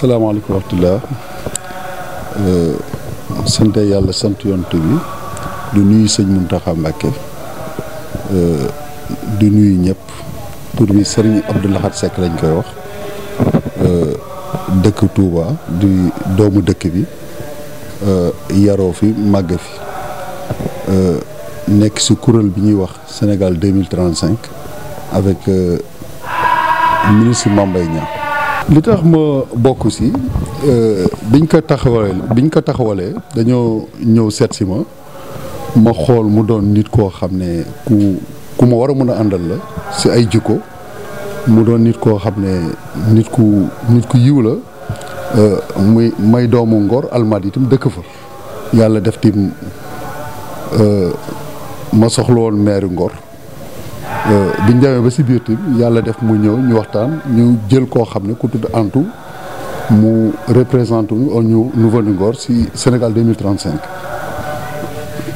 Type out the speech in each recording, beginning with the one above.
asalaamaaleykum wa rahmatulah euh, sant yàlla sant yonent bi du nuyu sëñ Muntaxa Mbàkke euh, du nuyu ñëpp tur bi sëriñ Abdou Lahad Seck lañ koy wax euh, dëkk Touba di doomu dëkk bi yaroo fi màgg fi nekk si kuréel bi ñuy wax Sénégal deux mille trente cinq avec ministre Mame Mbaye Niang li tax ma bokk si euh, biñ ko taxawalee biñ ko taxawalee dañoo ñëw seet si ma ma xool mu doon nit koo xam ne ku ku ma war a mën a àndal la si ay jikko mu doon nit koo xam ne nit ku nit ku yiw la euh, muy may doomu Ngor Almadi itam dëkk fa yàlla def tim euh, ma soxla woon meeri Ngor Euh, biñ demee ba si biir tamit yàlla def mu ñëw ñu waxtaan ñu jël koo xam ne ku tudd antu mu représenté wu ñu Nouveau Ngor si Sénégal 2035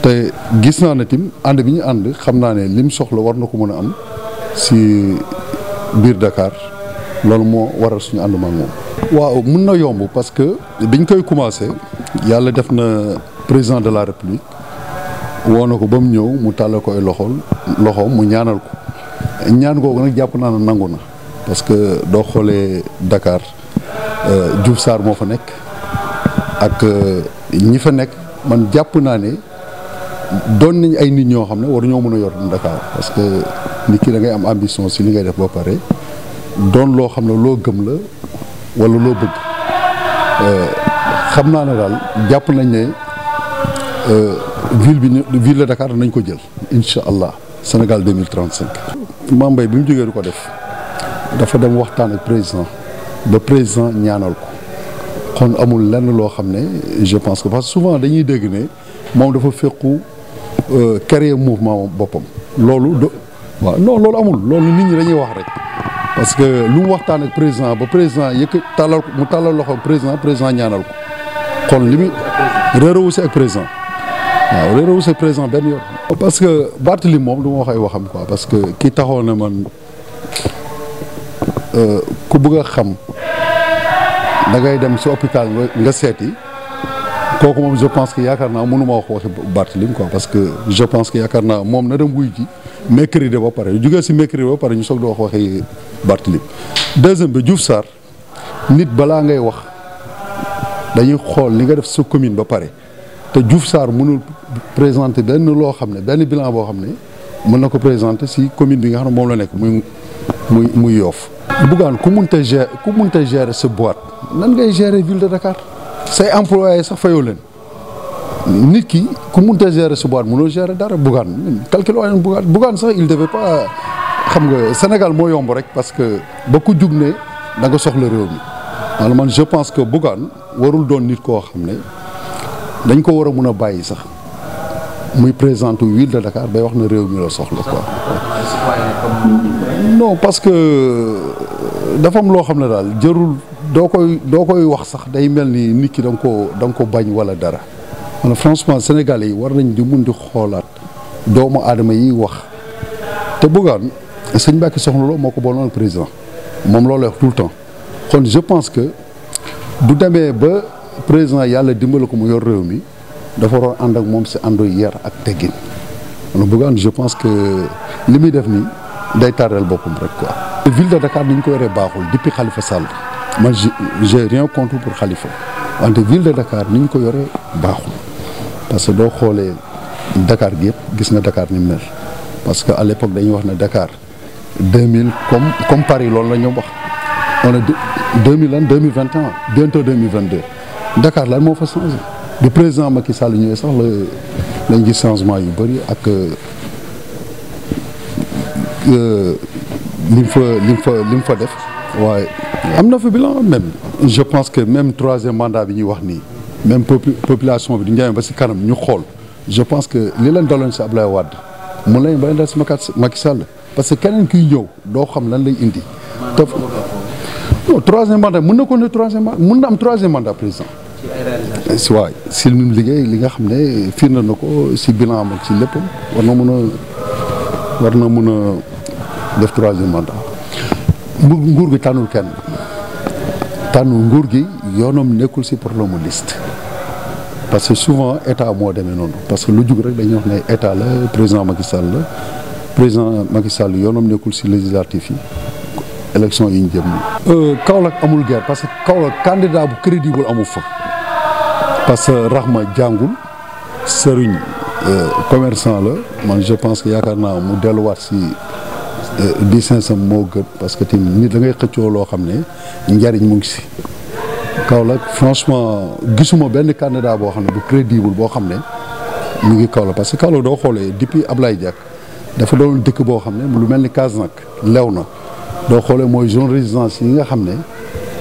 te gis naa ne tim ànd bi ñu ànd xam naa ne lim soxla war na ko mën a am si biir Dakar loolu moo waral suñu ànd ma moom. waaw mun na yomb parce que biñ koy commencé yàlla def na président de la République. woo na ko ba mu ñëw mu tàllal ko ay loxool loxoom mu ñaanal ko ñaan googu nag jàpp naa ne nangu na parce que doo xoolee Dakar euh, Diouf saar moo fa nekk ak euh, ñi fa nekk man jàpp naa ne doon nañ ay nit ñoo xam ne waruñoo mën a yor ndakaar parce que nit ki da ngay am ambition si li ngay def ba pare doon loo xam ne loo gëm la walla loo bëgg euh, xam naa ne daal jàpp nañ ne. ville bi ñu ville de nañ ko jël incha allah Sénégal 2035. Mame Mbaye bi mu jógee du ko def dafa dem waxtaan ak président ba président ñaanal ko. kon amul lenn loo xam ne je pense que parce que souvent dañuy dégg ne moom dafa fekku euh, créer mouvement boppam loolu do waaw non loolu amul loolu nit ñi dañuy wax rek parce que lu mu waxtaan ak président ba président yëkk tàllal mu tàllal loxo président président ñaanal ko kon li mu ak président waaw ah, réeroo sa président benn yoon. parce que Barthélémy moom du ma wax ay waxam quoi parce que ki taxoon na man euh, ku bëgg a xam da ngay dem si hôpital nga seeti kooku moom je pense que yaakaar naa mënu ma wax waxi Barthélémy quoi parce que je pense que yaakaar naa moom na dem wuy ji mercredi ba pare jugee si mercredi ba pare ñu soog di wax waxi Barthélémy deuxième bi Diouf Sarr nit balaa ngay wax dañuy xool li nga def su commune ba pare. te Diouf saar mënul présenter benn loo xam ne benn bilan boo xam ne mën na ko présenter si commune bi nga xam ne moom la nekk muy muy muy Yoff. Bougane ku mënta gérer ku mënta gérer sa boîte nan ngay gérer ville de Dakar say employé sax fayoo leen nit ki ku mënta gérer sa boîte mënoo gérer dara Bougane calculé waa Bougane Bougane sax il devait pas xam nga Sénégal moo yomb rek parce que ba ku jug ne da nga soxla réew mi man je pense que Bougane warul doon nit koo xam ne. dañ ko war a mun a bàyyi sax muy présidente ville de Dakar bay wax na réew mi loo soxla quoi. non parce que euh, dafa loo xam ne daal jërul doo koy doo koy wax sax day mel ni nit ki da nga koo ko bañ wala dara. man franchement sénégalais yi war nañ di mun di xoolaat doomu aadama yi wax te bëggoon sëñ Mbacke Soxna Lo moo ko booloon ak président moom loolu wax tout le temps kon je pense que du demee ba. président yàlla dimbale ko mu yor réew mi dafa waroon ànd ak moom si àndu yar ak teggin man Bougane je pense que li muy def nii day tardel boppam rek quoi. ville de Dakar ni ñu ko yoree baaxul depuis Khalifa Sall man j'ai rien contre pour Khalifa wante ville de Dakar ni ñu ko yoree baaxul parce que boo xoolee Dakar gi yëpp gis na Dakar ni mu mel parce que à l'époque dañuy wax ne Dakar 2000 comme comme Paris loolu la ñu wax on est 2000 lan 2021 bientôt 2022. Dakar lan moo fa changé bi président Macky Sall ñëwee sax la lañ gis changement yu bëri ak euh, li mu fa li mu fa li mu def waaye am na fa bilan même je pense que même troisième mandat bi ñuy wax nii même population bi du njamee ba si kanam ñu xool je pense que lii leen daloon si Ablaye Wade mun lañ bañ dal si Macky Sall parce que keneen ki ñëw doo xam lan lay indi te non troisième mandat mën na ko ne troisième mandat mën na am troisième mandat président si waay si li mu liggéey li nga xam ne firnde na ko si bilan am ak si lépp war na mën a war na mën a def troisième mandat nguur gi tànnul kenn tànnul nguur gi yoonam nekkul si problème mu liste parce que souvent état moo demee noonu parce que lu jug rek dañuy wax ne état la président Macky Sall la président Macky Sall yoonam nekkul si législatif yi élection yi ñu jëm. Euh, Kaolack amul guerre parce que Kaolack candidat bu crédible amul fa. parce que Rahma jàngul sëriñ euh, commerçant la man je pense que yaakaar naa mu delluwaat si euh, business am moo gën parce que tamit nit da ngay xëccoo loo xam ne njariñ mu ngi si Kaolack franchement gisuma benn candidat boo xam ne bu crédible boo xam ne mu ngi Kaolack parce que Kaolack doo xoolee depuis Ablaye Diack dafa doon dëkk boo xam ne lu mel ni Casamance lew na doo xoolee mooy zone résidence yi nga xam ne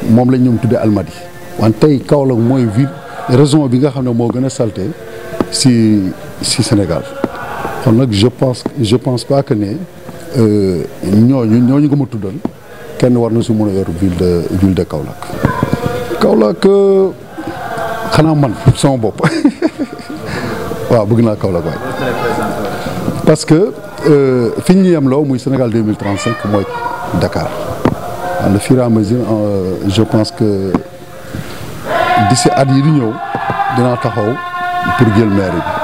moom la ñoom tuddee Almadies wante tey Kaolack mooy ville raison bi nga xam ne moo gën a salté si si Sénégal kon nag je pense je pense pas que ne euh, ñooñu ñooñu nga ma tuddal kenn war na si mën a yor ville de ville de Kaolack. Kaolack euh, xanaa man sama bopp waaw bëgg naa Kaolack waay parce que euh, fi ñu yem loo muy Sénégal deux mille trente cinq mooy Dakar le fur et à mesure je pense que. di si at yi di ñëw dinaa taxaw pour jël maire